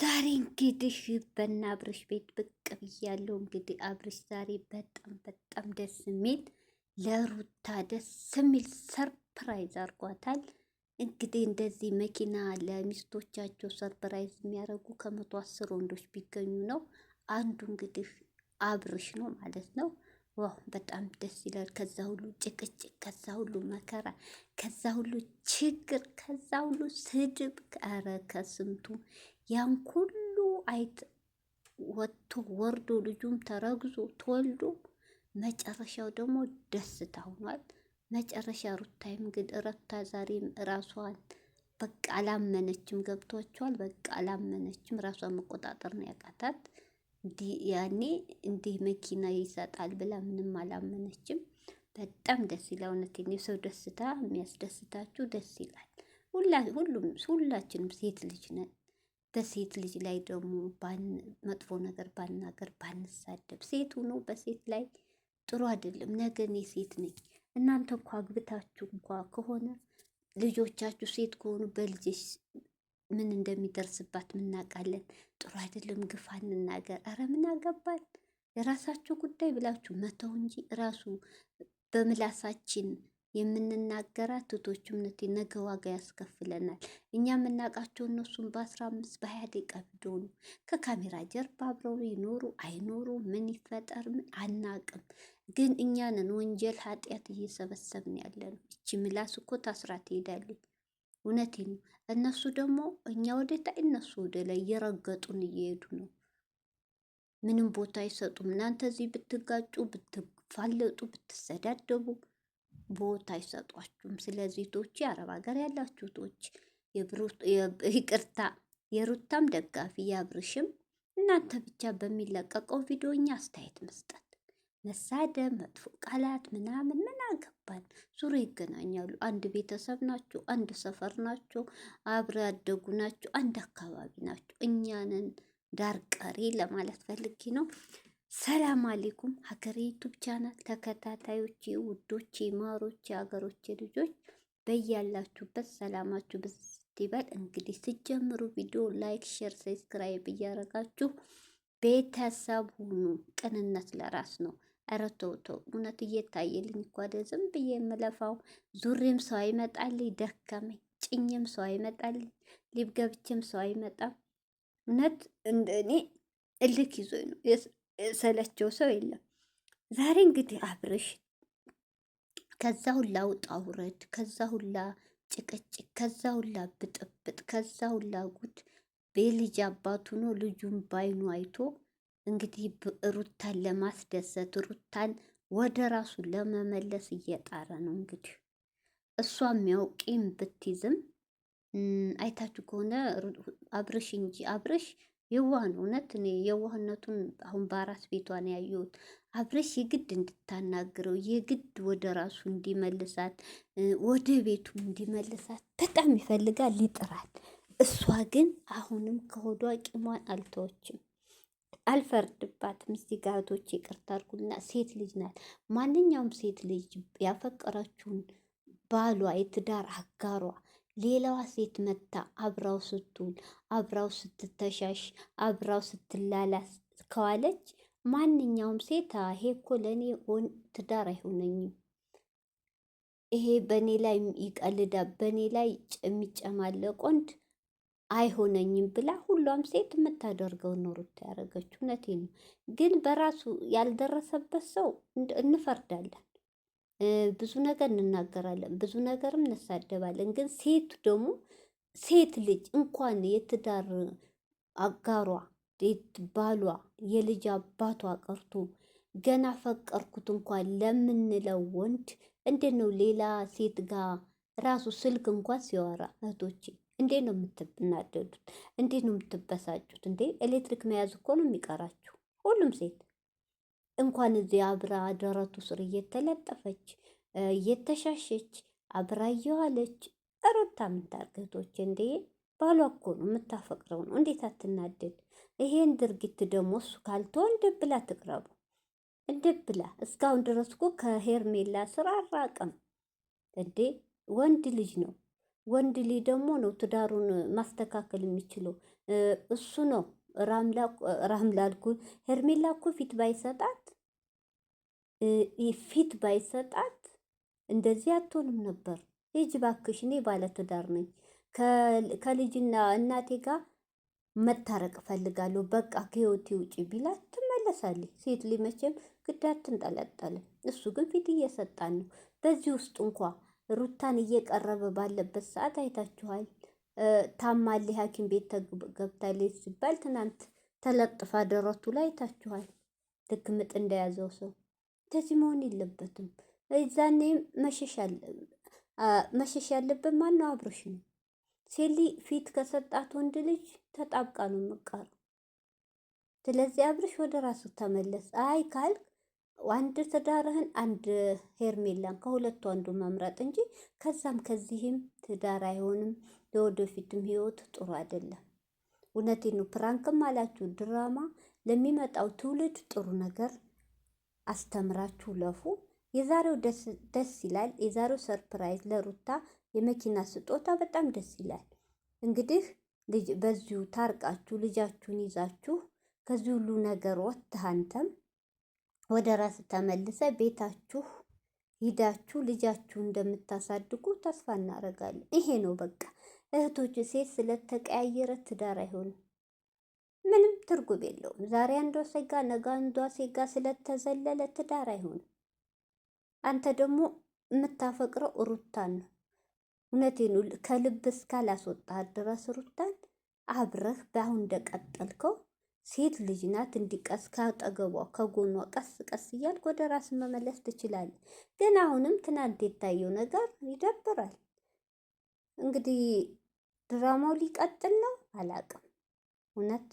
ዛሬ እንግዲህ በና አብርሽ ቤት ብቅ ብያለሁ። እንግዲህ አብርሽ ዛሬ በጣም በጣም ደስ የሚል ለሩታ ደስ የሚል ሰርፕራይዝ አድርጓታል። እንግዲህ እንደዚህ መኪና ለሚስቶቻቸው ሰርፕራይዝ የሚያደርጉ ከመቶ አስር ወንዶች ቢገኙ ነው አንዱ እንግዲህ አብርሽ ነው ማለት ነው። ዋው በጣም ደስ ይላል። ከዛ ሁሉ ጭቅጭቅ፣ ከዛ ሁሉ መከራ፣ ከዛ ሁሉ ችግር፣ ከዛ ሁሉ ስድብ፣ ኧረ ከስንቱ ያን ሁሉ አይት ወጥቶ ወርዶ ልጁም ተረግዞ ተወልዶ መጨረሻው ደግሞ ደስታ ሆኗል። መጨረሻ ሩታይም ግን ረታ ዛሬም ራሷን በቃ አላመነችም። ገብቷቸዋል። በቃ አላመነችም። ራሷን መቆጣጠር ነው ያቃታት። ያኔ እንዲህ መኪና ይሰጣል ብላ ምንም አላመነችም። በጣም ደስ ይላል። እውነት ሰው ደስታ የሚያስደስታችሁ ደስ ይላል። ሁላችንም ሴት ልጅ ነን። በሴት ልጅ ላይ ደግሞ መጥፎ ነገር ባናገር ባንሳደብ፣ ሴት ሆኖ በሴት ላይ ጥሩ አይደለም። ነገ እኔ ሴት ነኝ። እናንተ እንኳ አግብታችሁ እንኳ ከሆነ ልጆቻችሁ ሴት ከሆኑ በልጅሽ ምን እንደሚደርስባት ምናቃለን። ጥሩ አይደለም። ግፋ እንናገር። አረ ምን አገባል የራሳቸው ጉዳይ ብላችሁ መተው እንጂ ራሱ በምላሳችን የምንናገራት እህቶች እምነት ነገ ዋጋ ያስከፍለናል። እኛ የምናውቃቸው እነሱን በአስራ አምስት በሀያ ደቂቃ ቪዲዮ ነው። ከካሜራ ጀርባ አብረው ይኖሩ አይኖሩ ምን ይፈጠር ምን አናቅም። ግን እኛንን ወንጀል ኃጢአት እየሰበሰብን ያለ ነው። እቺ ምላስ እኮ ታስራ ትሄዳለች። እውነቴ ነው። እነሱ ደግሞ እኛ ወደታ እነሱ ወደ ላይ እየረገጡን እየሄዱ ነው። ምንም ቦታ አይሰጡም። እናንተ እዚህ ብትጋጩ፣ ብትፋለጡ፣ ብትሰዳደቡ ቦታ አይሰጧችሁም። ስለዚህ ቶች አረብ ሀገር ያላችሁ ቶች ይቅርታ፣ የሩታም ደጋፊ ያብርሽም እናንተ ብቻ በሚለቀቀው ቪዲዮ እኛ አስተያየት መስጠት መሳደብ፣ መጥፎ ቃላት ምናምን ምን አገባን? ዙሮ ይገናኛሉ። አንድ ቤተሰብ ናቸው፣ አንድ ሰፈር ናቸው፣ አብረ ያደጉ ናቸው፣ አንድ አካባቢ ናቸው። እኛንን ዳር ቀሪ ለማለት ፈልጌ ነው። ሰላም አለይኩም ሀገሬ ዩቱብ ቻናል ተከታታዮቼ ውዶቼ ማሮቼ ሀገሮቼ ልጆች በያላችሁበት ሰላማችሁ ብዝት ይበል። እንግዲህ ስጀምሩ ቪዲዮ ላይክ፣ ሼር፣ ሰብስክራይብ እያረጋችሁ ቤተሰብ ሁኑ። ቅንነት ለራስ ነው። ኧረ ተው ተው፣ እውነት እየታየልኝ እኮ አይደል ዝም ብዬ የምለፋው። ዙሬም ሰው አይመጣልኝ፣ ደከመኝ። ጭኝም ሰው አይመጣልኝ፣ ሊብገብቼም ሰው አይመጣም። እውነት እንደ እልክ ይዞኝ ነው ሰለቸው ሰው የለም። ዛሬ እንግዲህ አብርሽ ከዛ ሁላ ውጣ ውረድ፣ ከዛ ሁላ ጭቅጭቅ፣ ከዛ ሁላ ብጥብጥ፣ ከዛ ሁላ ጉድ በልጅ አባቱ ነው ልጁን ባይኑ አይቶ እንግዲህ ሩታን ለማስደሰት ሩታን ወደ ራሱ ለመመለስ እየጣረ ነው። እንግዲህ እሷ የሚያው ብትይዝም አይታችሁ ከሆነ አብርሽ እንጂ አብርሽ የዋህ እውነት። እኔ የዋህነቱን አሁን በአራስ ቤቷ ነው ያየሁት። አብረሽ የግድ እንድታናግረው የግድ ወደ ራሱ እንዲመልሳት ወደ ቤቱ እንዲመልሳት በጣም ይፈልጋል፣ ይጥራል። እሷ ግን አሁንም ከሆዷ ቂሟን አልተወችም። አልፈርድባትም። እዚህ ጋር እህቶቼ ይቅርታ አድርጉና ሴት ልጅ ናት። ማንኛውም ሴት ልጅ ያፈቀረችውን ባሏ የትዳር አጋሯ ሌላዋ ሴት መታ አብራው ስትውል አብራው ስትተሻሽ አብራው ስትላላስ ከዋለች ማንኛውም ሴት ይሄ እኮ ለእኔ ትዳር አይሆነኝም፣ ይሄ በእኔ ላይ ይቀልዳ፣ በእኔ ላይ የሚጨማለቅ ወንድ አይሆነኝም ብላ ሁሏም ሴት የምታደርገውን ነው ሩታ እውነቴ ነው። ግን በራሱ ያልደረሰበት ሰው እንፈርዳለን። ብዙ ነገር እንናገራለን፣ ብዙ ነገርም እንሳደባለን። ግን ሴት ደግሞ ሴት ልጅ እንኳን የትዳር አጋሯ ባሏ የልጅ አባቷ ቀርቶ ገና ፈቀርኩት እንኳን ለምንለው ወንድ እንዴት ነው ሌላ ሴት ጋር ራሱ ስልክ እንኳን ሲያወራ እህቶቼ እንዴ ነው የምትናደዱት? እንዴት ነው የምትበሳጩት? እንዴ ኤሌክትሪክ መያዝ እኮ ነው የሚቀራችሁ ሁሉም ሴት እንኳን እዚህ አብራ ደረቱ ስር እየተለጠፈች እየተሻሸች አብራ እየዋለች ሩታ ምንታርገቶች እንዴ ባሏ እኮ ነው የምታፈቅረው ነው። እንዴት አትናደድ? ይሄን ድርጊት ደግሞ እሱ ካልተወ እንደ ብላ ትቅረቡ እንደ ብላ እስካሁን ድረስ እኮ ከሄርሜላ ስራ አራቅም እንዴ። ወንድ ልጅ ነው ወንድ ልጅ ደግሞ ነው ትዳሩን ማስተካከል የሚችለው እሱ ነው። ራምላልኩ ሄርሜላ እኮ ፊት ባይሰጣት ፊት ባይሰጣት እንደዚህ አትሆንም ነበር። ልጅ ባክሽ፣ እኔ ባለትዳር ነኝ ከልጅና እናቴ ጋር መታረቅ እፈልጋለሁ፣ በቃ ከህይወቴ ውጭ ቢላት ትመለሳለች። ሴት ልጅ ግድ አትንጠለጠልም። እሱ ግን ፊት እየሰጣን ነው። በዚህ ውስጥ እንኳ ሩታን እየቀረበ ባለበት ሰዓት አይታችኋል። ታማሌ ሐኪም ቤት ተገብታለች ሲባል ትናንት ተለጥፋ ደረቱ ላይ አይታችኋል። ልክ ምጥ እንደያዘው ሰው እንደዚህ መሆን የለበትም። እዛኔ መሸሽ ያለበት ነው? አብርሽ ነው። ሴሊ ፊት ከሰጣት ወንድ ልጅ ተጣብቃ ነው የምትቀረው። ስለዚህ አብርሽ ወደ ራሱ ተመለስ። አይ ካልክ አንድ ትዳርህን አንድ ሄርሜላን ከሁለቱ አንዱ መምረጥ እንጂ ከዛም ከዚህም ትዳር አይሆንም። ለወደፊትም ህይወት ጥሩ አይደለም። እውነቴ ነው። ፕራንክም አላችሁ ድራማ ለሚመጣው ትውልድ ጥሩ ነገር አስተምራችሁ ለፉ። የዛሬው ደስ ይላል። የዛሬው ሰርፕራይዝ ለሩታ የመኪና ስጦታ በጣም ደስ ይላል። እንግዲህ በዚሁ ታርቃችሁ ልጃችሁን ይዛችሁ ከዚህ ሁሉ ነገር ወጥተህ አንተም ወደ ራስ ተመልሰ ቤታችሁ ሂዳችሁ ልጃችሁ እንደምታሳድጉ ተስፋ እናደርጋለን። ይሄ ነው በቃ እህቶች፣ ሴት ስለተቀያየረ ትዳር አይሆንም። ምንም ትርጉም የለውም። ዛሬ አንዷ ሴጋ ነገ አንዷ ሴጋ ስለተዘለለ ትዳር አይሆንም። አንተ ደግሞ የምታፈቅረው ሩታን ነው። እውነቴን ከልብ እስካላስወጣ ድረስ ሩታን አብረህ በአሁን እንደቀጠልከው ሴት ልጅ ናት። እንዲቀስ ካጠገቧ ከጎኗ ቀስ ቀስ እያልክ ወደ ራስ መመለስ ትችላለህ። ግን አሁንም ትናንት የታየው ነገር ይደብራል። እንግዲህ ድራማው ሊቀጥል ነው። አላቅም እውነት